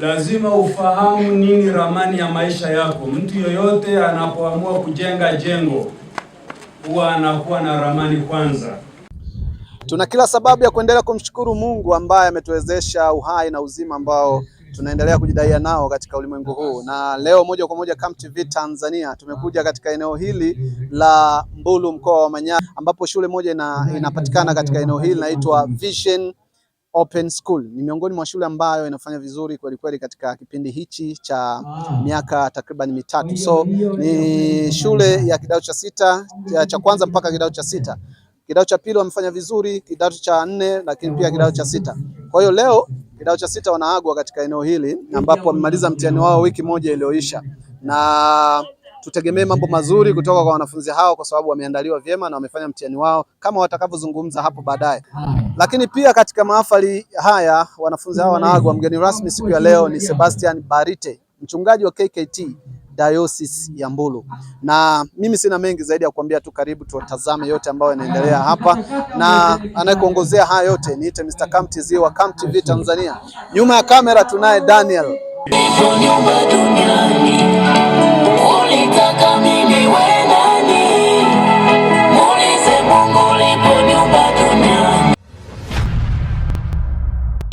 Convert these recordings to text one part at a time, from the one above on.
lazima ufahamu nini ramani ya maisha yako. Mtu yoyote anapoamua kujenga jengo huwa anakuwa na ramani kwanza. Tuna kila sababu ya kuendelea kumshukuru Mungu ambaye ametuwezesha uhai na uzima ambao tunaendelea kujidaia nao katika ulimwengu huu. Na leo moja kwa moja Come TV Tanzania tumekuja katika eneo hili la Mbulu, mkoa wa Manyara, ambapo shule moja ina, inapatikana katika eneo hili inaitwa Vision Open School ni miongoni mwa shule ambayo inafanya vizuri kweli kweli katika kipindi hichi cha ah. miaka takriban mitatu. So ni shule ya kidato cha sita cha kwanza mpaka kidato cha sita. Kidato cha pili wamefanya vizuri, kidato cha nne, lakini pia kidato cha sita. Kwa hiyo leo kidato cha sita wanaagwa katika eneo hili ambapo wamemaliza mtihani wao wiki moja iliyoisha na tutegemee mambo mazuri kutoka kwa wanafunzi hao, kwa sababu wameandaliwa vyema na wamefanya mtihani wao kama watakavyozungumza hapo baadaye. Lakini pia katika mahafali haya wanafunzi hao wanaagwa. Mgeni rasmi siku ya leo ni Sebastian Barite, mchungaji wa KKT Diocese ya Mbulu, na mimi sina mengi zaidi ya kukwambia tu, karibu tuwatazame yote ambayo yanaendelea hapa, na anayekuongozea haya yote niite Mr. Cam TZ wa TV Tanzania. Nyuma ya kamera tunaye Daniel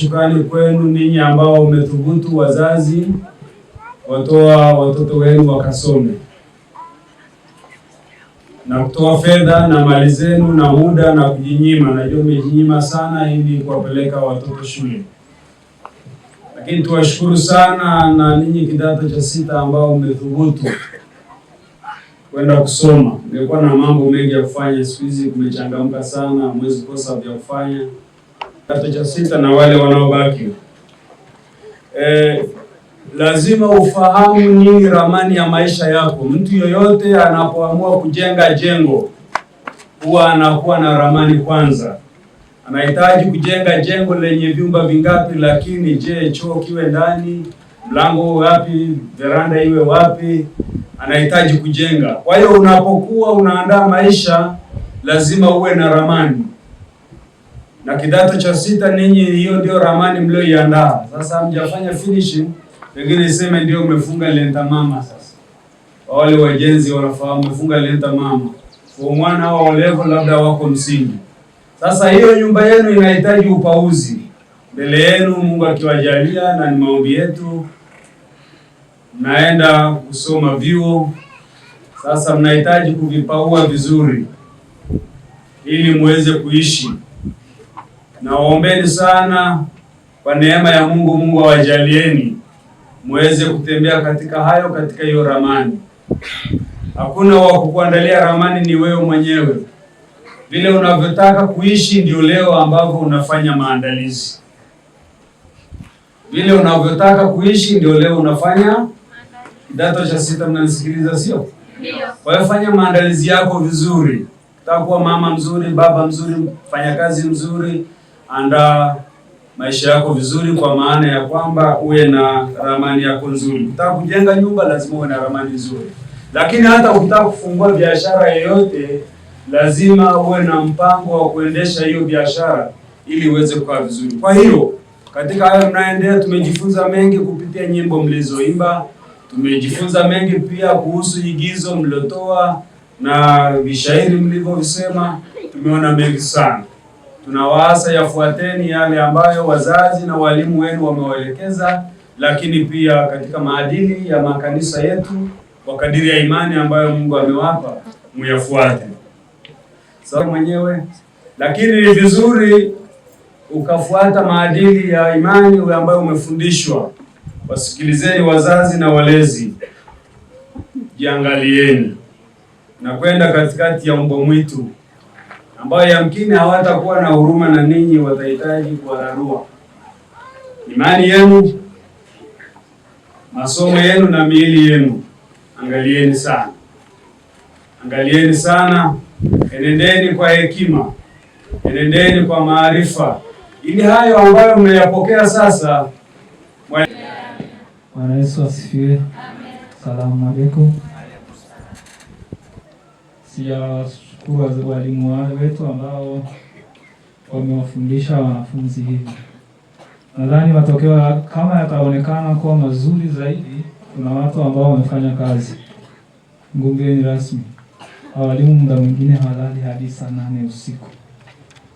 Shukrani kwenu ninyi ambao umethubutu wazazi watoa watoto wenu wakasome na kutoa fedha na mali zenu na muda na kujinyima. Najua umejinyima sana ili kuwapeleka watoto shule, lakini tuwashukuru sana na ninyi kidato cha sita ambao umethubutu kwenda kusoma. Umekuwa na mambo mengi ya kufanya, siku hizi kumechangamka sana, mwezi kosa vya kufanya Kidato cha sita na wale wanaobaki eh, lazima ufahamu nini ramani ya maisha yako. Mtu yoyote anapoamua kujenga jengo huwa anakuwa na ramani kwanza. Anahitaji kujenga jengo lenye vyumba vingapi, lakini je, choo kiwe ndani, mlango wapi, veranda iwe wapi? Anahitaji kujenga. Kwa hiyo unapokuwa unaandaa maisha, lazima uwe na ramani na kidato cha sita, ninyi hiyo ndio ramani mlioiandaa. Sasa mjafanya finishing, pengine iseme ndio mmefunga lenta mama. Sasa wale wajenzi wanafahamu mmefunga lenta mama kwa mwana wa olevo, labda wako msingi. Sasa hiyo nyumba yenu inahitaji upauzi mbele yenu, Mungu akiwajalia, na ni maombi yetu, naenda kusoma vyuo. Sasa mnahitaji kuvipaua vizuri ili muweze kuishi nawaombeni sana kwa neema ya Mungu, Mungu awajalieni muweze kutembea katika hayo, katika hiyo ramani. Hakuna wa kukuandalia ramani, ni wewe mwenyewe. Vile unavyotaka kuishi ndio leo ambavyo unafanya maandalizi, vile unavyotaka kuishi ndio leo unafanya. Kidato cha sita, mnanisikiliza sio? Kwa hiyo fanya maandalizi yako vizuri, utakuwa mama mzuri, baba mzuri, mfanyakazi mzuri andaa maisha yako vizuri, kwa maana ya kwamba uwe na ramani yako nzuri. Ukitaka kujenga nyumba, lazima uwe na ramani nzuri, lakini hata ukitaka kufungua biashara yoyote, lazima uwe na mpango wa kuendesha hiyo biashara ili uweze kukaa vizuri. Kwa hiyo katika hayo mnaendelea, tumejifunza mengi kupitia nyimbo mlizoimba, tumejifunza mengi pia kuhusu igizo mliotoa na vishairi mlivyosema, tumeona mengi sana tunawaasa yafuateni yale ambayo wazazi na walimu wenu wamewaelekeza, lakini pia katika maadili ya makanisa yetu kwa kadiri ya imani ambayo Mungu amewapa muyafuate. Sasa mwenyewe, lakini ni vizuri ukafuata maadili ya imani ambayo umefundishwa. Wasikilizeni wazazi na walezi, jiangalieni na kwenda katikati ya mbwa mwitu ambayo yamkini hawatakuwa na huruma na ninyi, watahitaji kuwararua imani yenu, masomo yenu na miili yenu. Angalieni sana, angalieni sana, enendeni kwa hekima, enendeni kwa maarifa, ili hayo ambayo mmeyapokea sasa. Bwana Yesu asifiwe. Salamu alaykum tunawashukuru walimu wetu ambao wamewafundisha wanafunzi hivi. Nadhani matokeo kama yataonekana kuwa mazuri zaidi, kuna watu ambao wamefanya kazi. Mgongeni rasmi walimu muda mwingine hawalali hadi saa nane usiku,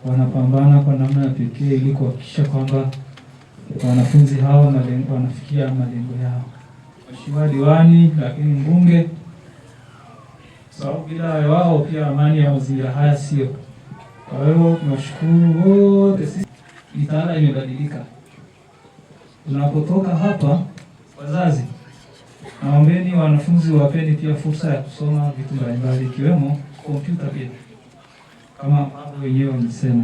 wanapambana kwa namna ya pekee ili kuhakikisha kwamba wanafunzi hao wanafikia malengo yao. Mheshimiwa Diwani, lakini mbunge sababu bila wao pia amani ya mazingira haya sio. Kwa hiyo tunashukuru wote, sisi mitaala imebadilika. Tunapotoka hapa, wazazi, naombeni wanafunzi wapeni pia fursa ya kusoma vitu mbalimbali ikiwemo kompyuta pia kama ambavyo wenyewe wamesema.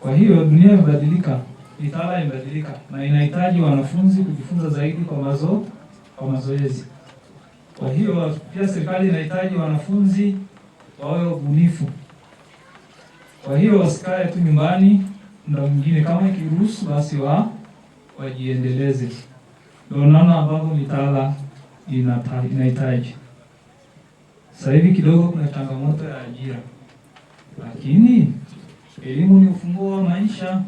Kwa hiyo dunia imebadilika, mitaala imebadilika na inahitaji wanafunzi kujifunza zaidi kwa mazo kwa mazoezi. Kwa hiyo pia serikali inahitaji wanafunzi wawe wabunifu. Kwa hiyo wasikae tu nyumbani, muda mwingine kama ikiruhusu, basi wa wajiendeleze. Ndio naona ambavyo mitaala inahitaji. Sasa hivi kidogo kuna changamoto ya ajira, lakini elimu ni ufunguo wa maisha.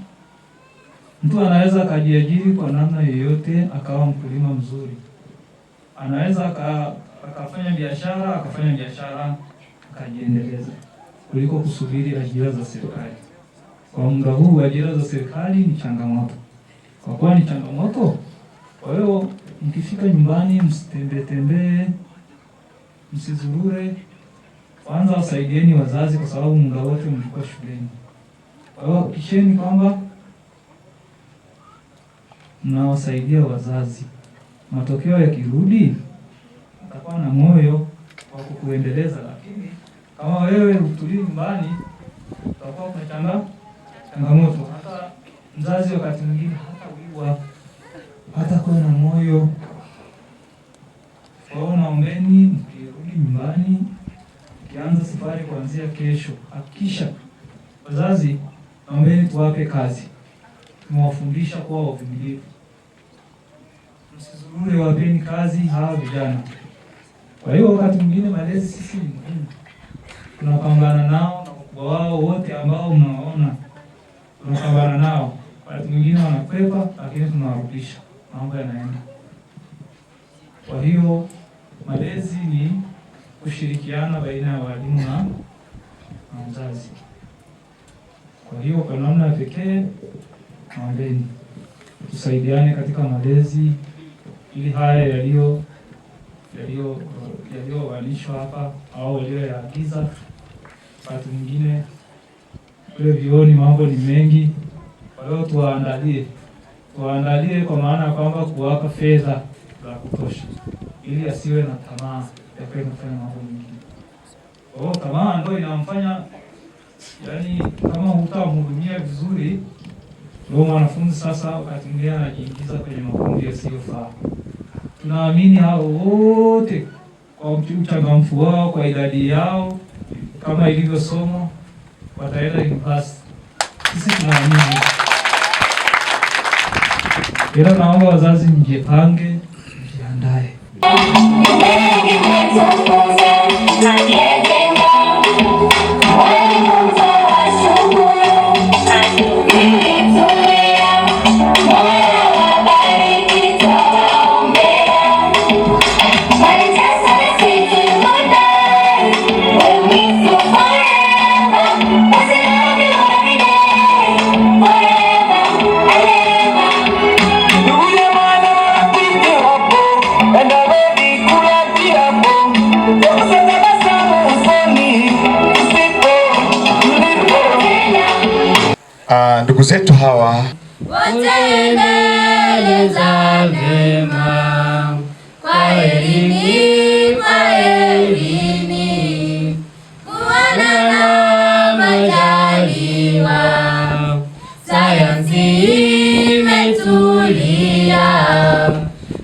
Mtu anaweza akajiajiri kwa namna yoyote, akawa mkulima mzuri anaweza akafanya biashara akafanya biashara akajiendeleza kuliko kusubiri ajira za serikali. Kwa muda huu ajira za serikali ni changamoto, kwa kuwa ni changamoto. Kwa hiyo mkifika nyumbani, msitembee tembee, msizurure. Kwanza wasaidieni wazazi, kwa sababu muda wote mlikuwa shuleni. Kwa hiyo hakikisheni kwamba mnawasaidia wazazi matokeo yakirudi utakuwa na moyo wa kukuendeleza, lakini kama wewe hutulii nyumbani utakuwa changa changamoto. Hata mzazi wakati mwingine hata wiwa hata kuwa na moyo kwao. Naombeni mkirudi nyumbani, ukianza safari kuanzia kesho, hakikisha wazazi, naombeni tuwape kazi, tumewafundisha kuwa wavumilivu msizurure, wapeni kazi hawa vijana. Kwa hiyo wakati mwingine malezi sisi ni muhimu, tunapambana nao na wakubwa wao wote ambao mnawaona, tunapambana nao. Wakati mwingine wanakwepa, lakini tunawarudisha, mambo yanaenda. Kwa hiyo malezi ni kushirikiana baina ya walimu na mzazi. Kwa hiyo kwa namna ya pekee, naombeni tusaidiane katika malezi ili haya yaliyo yaliyoanishwa uh, hapa au yaliyoyaagiza wakati mwingine kule vioni mambo ni mengi. Kwa hiyo tuwaandalie, tuwaandalie kwa maana ya kwamba kuwapa fedha za kutosha, ili asiwe na tamaa ya kwenda kufanya mambo mengine. Kwa hiyo tamaa ndio inamfanya yani, kama hutamhudumia vizuri, ndio mwanafunzi sasa wakati mwingine anajiingiza kwenye makundi yasiyofaa. Tunaamini hao wote kwa uchangamfu wao, kwa idadi yao, kama ilivyosoma wataenda university. Sisi tunaamini ila, naomba wazazi mjipange, mjiandae ndugu zetu hawa utendeleza vyema kwa elimi, kwa elimi, kuwana na majaliwa, sayansi imetulia,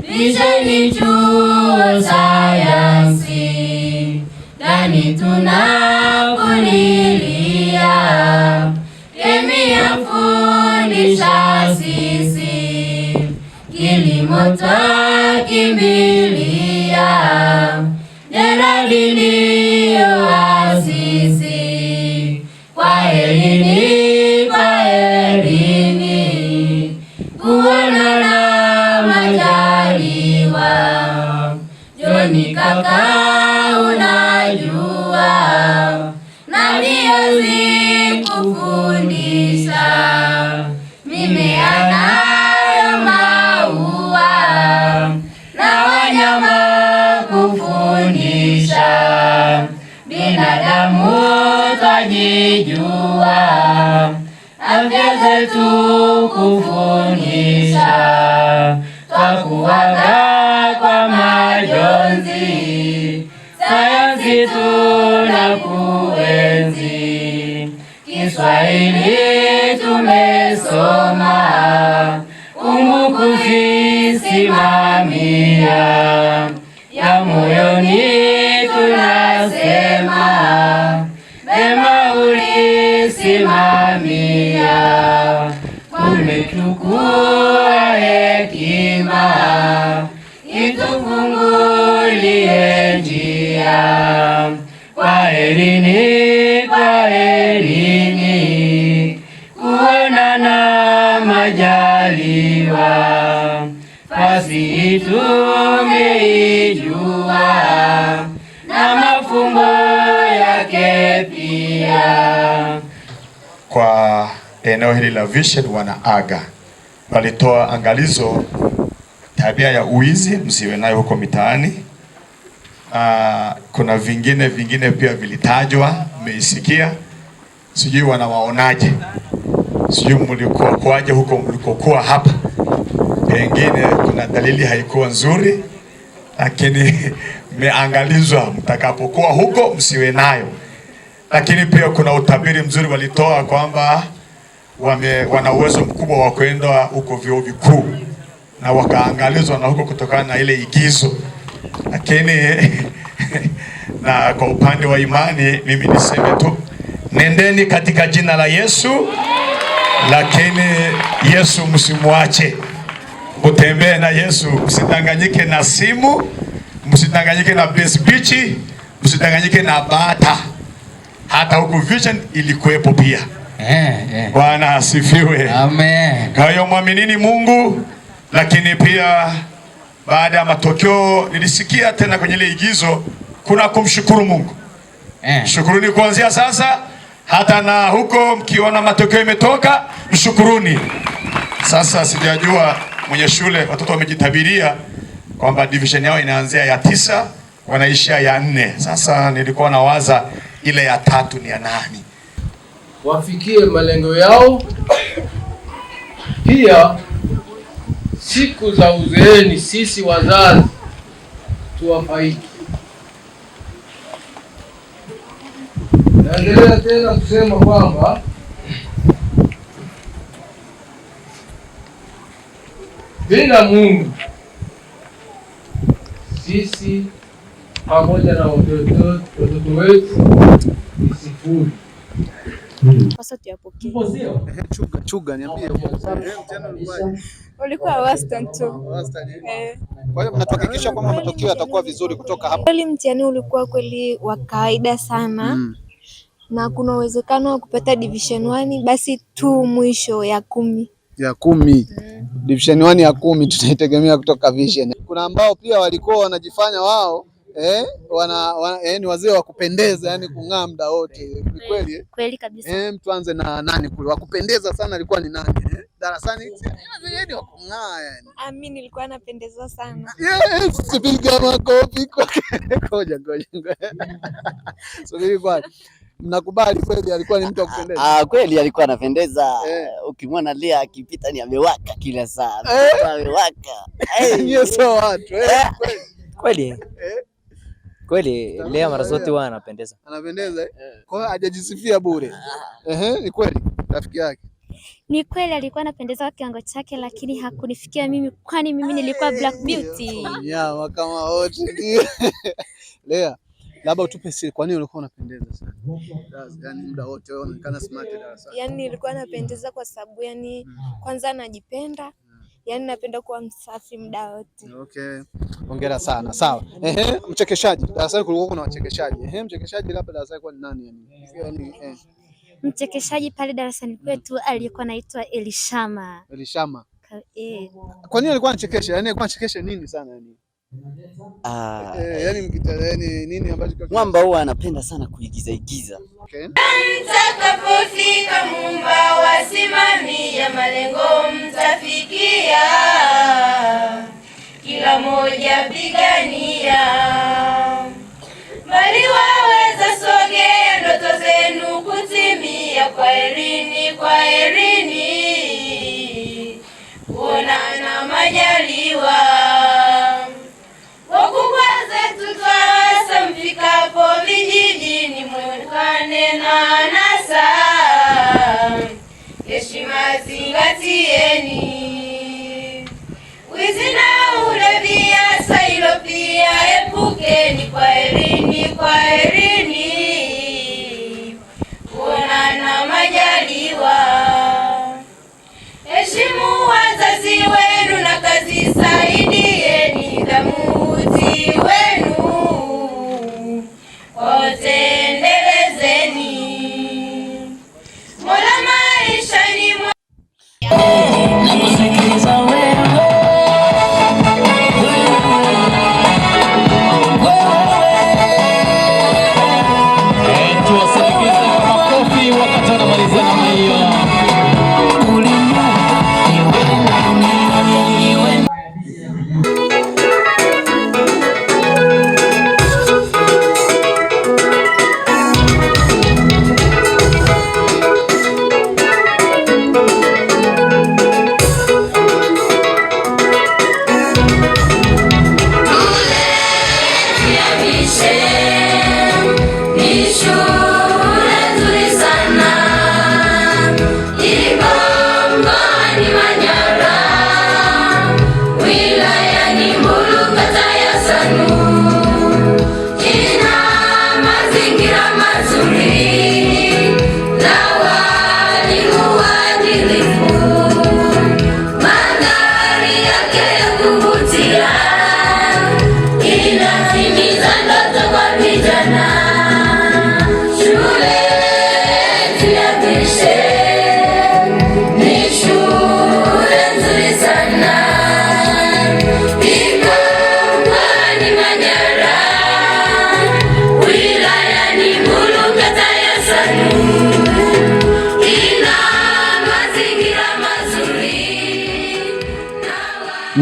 visheni chuo sayansi, ndani tuna na unajua naliyozikufundisha. Mimea nayo maua na wanyama kufundisha, binadamu twajijua, afya zetu kufundisha tu me Stahili tumesoma umukuzi simamia ya moyoni tunasema mema ulisimamia tumetukua hekima itufungulie njia kwa heri basi tumeijua na mafumbo yake pia. Kwa eneo hili la Vision wanaaga, walitoa angalizo, tabia ya uizi msiwe nayo huko mitaani. Uh, kuna vingine vingine pia vilitajwa, mmeisikia. Sijui wanawaonaje, sijui mlikuwa kwaje huko mlikokuwa hapa pengine kuna dalili haikuwa nzuri, lakini mmeangalizwa, mtakapokuwa huko msiwe nayo. Lakini pia kuna utabiri mzuri walitoa kwamba wame, wana uwezo mkubwa wa kwenda huko vyuo vikuu na wakaangalizwa na huko kutokana na ile igizo, lakini na kwa upande wa imani mimi niseme tu nendeni katika jina la Yesu, lakini Yesu msimwache utembee na Yesu. Msidanganyike na simu, msidanganyike na beach, msidanganyike na bata. Hata huku vision ilikuwepo pia. Eh, eh. Bwana asifiwe. Amen. Kwa hiyo mwaminini Mungu, lakini pia baada ya matokeo nilisikia tena kwenye ile igizo kuna kumshukuru Mungu. Eh. Shukuruni kuanzia sasa hata na huko mkiona matokeo imetoka mshukuruni. Sasa sijajua mwenye shule watoto wamejitabiria kwamba division yao inaanzia ya tisa wanaishia ya nne. Sasa nilikuwa nawaza ile ya tatu ni ya nani, wafikie malengo yao. Pia siku za uzeeni, sisi wazazi tuwafaiki. Naendelea tena kusema kwamba bila Mungu sisi pamoja na watoto wetu ni sifuri. Hmm. Eh, eh. Kwa hiyo mnatuhakikisha kwamba matokeo yatakuwa vizuri kutoka hapo. Kweli mtihani ulikuwa kweli wa kawaida sana mm, na kuna uwezekano wa kupata division 1 basi tu mwisho ya kumi ya kumi mm. Division 1 ya kumi tunaitegemea kutoka Vision. Kuna ambao pia walikuwa wanajifanya wao eh, wana, wana eh, ni wazee wa kupendeza yani kung'aa muda wote. Ni kweli eh? kweli kabisa eh, mtu anze na nani kule wa kupendeza sana alikuwa ni nani eh? Darasani yani wa kung'aa yani. Ah, mimi nilikuwa napendeza sana. Yes, sipiga makofi kwa. Ngoja ngoja. Subiri kwa mnakubali kweli alikuwa ni mtu wa kupendeza? Ah, kweli alikuwa anapendeza. eh. Ukimwona Lia akipita ni amewaka kila saa eh, amewaka hey, so watu eh, eh. kweli eh. Kweli Lia mara zote huwa anapendeza, anapendeza eh? eh. Kwa hiyo hajajisifia bure eh, ni kweli rafiki yake ni kweli alikuwa anapendeza kwa kiwango chake, lakini hakunifikia mimi, kwani mimi nilikuwa black beauty. Nyama kama wote Lea Labda utupe siri, kwa nini ulikuwa unapendeza sana? Yani muda wote wewe unaonekana smart darasani. Yani nilikuwa napendeza kwa sababu yani mm. kwanza najipenda mm. yani napenda kuwa msafi muda wote. Okay. Hongera sana. Sawa. Ehe, mchekeshaji. Darasani kulikuwa kuna wachekeshaji. Ehe, mchekeshaji labda darasani kwa nani yani? Yani eh. Mchekeshaji pale darasani kwetu mm. aliyekuwa anaitwa Elishama. Elishama. eh. Kwa nini alikuwa anachekesha? Yani alikuwa anachekesha nini sana yani? Ah. Eh, eh, eh, Mwamba huwa anapenda sana kuigiza igiza. Okay. Mtakapofika Muumba wasimamia malengo mtafikia. Kila moja pigania. Bali waweza sogea ndoto zenu kutimia kwa erini, kwa herini. Kuonana majaliwa. na NASA, heshima zingatieni, wizi na ulevi, hasa hilo pia epukeni. Kwaherini, kwaherini.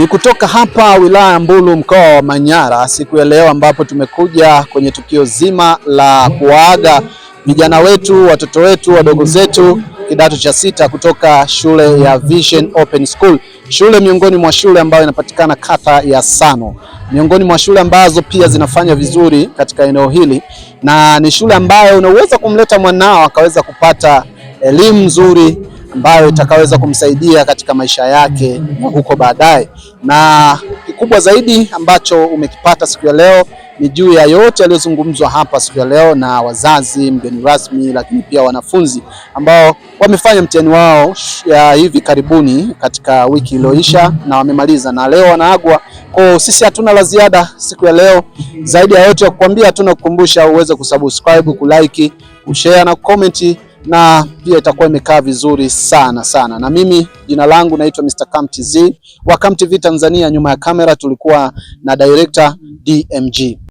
Ni kutoka hapa wilaya ya Mbulu mkoa wa Manyara siku ya leo, ambapo tumekuja kwenye tukio zima la kuwaaga vijana wetu, watoto wetu, wadogo zetu kidato cha sita kutoka shule ya Vision Open School, shule miongoni mwa shule ambayo inapatikana kata ya Sano, miongoni mwa shule ambazo pia zinafanya vizuri katika eneo hili, na ni shule ambayo unaweza kumleta mwanao akaweza kupata elimu nzuri ambayo itakaweza kumsaidia katika maisha yake huko baadaye. Na kikubwa zaidi ambacho umekipata siku ya leo ni juu ya yote yaliyozungumzwa hapa siku ya leo na wazazi, mgeni rasmi, lakini pia wanafunzi ambao wamefanya mtihani wao ya hivi karibuni katika wiki iliyoisha na wamemaliza na leo wanaagwa. Kwa sisi hatuna la ziada siku ya leo, zaidi ya yote ya kukwambia, hatuna kukumbusha uweze kusubscribe, kulike, kushare na kukomenti na pia itakuwa imekaa vizuri sana sana. Na mimi jina langu naitwa Mr. Cam TZ wa Cam TV Tanzania. Nyuma ya kamera tulikuwa na director DMG.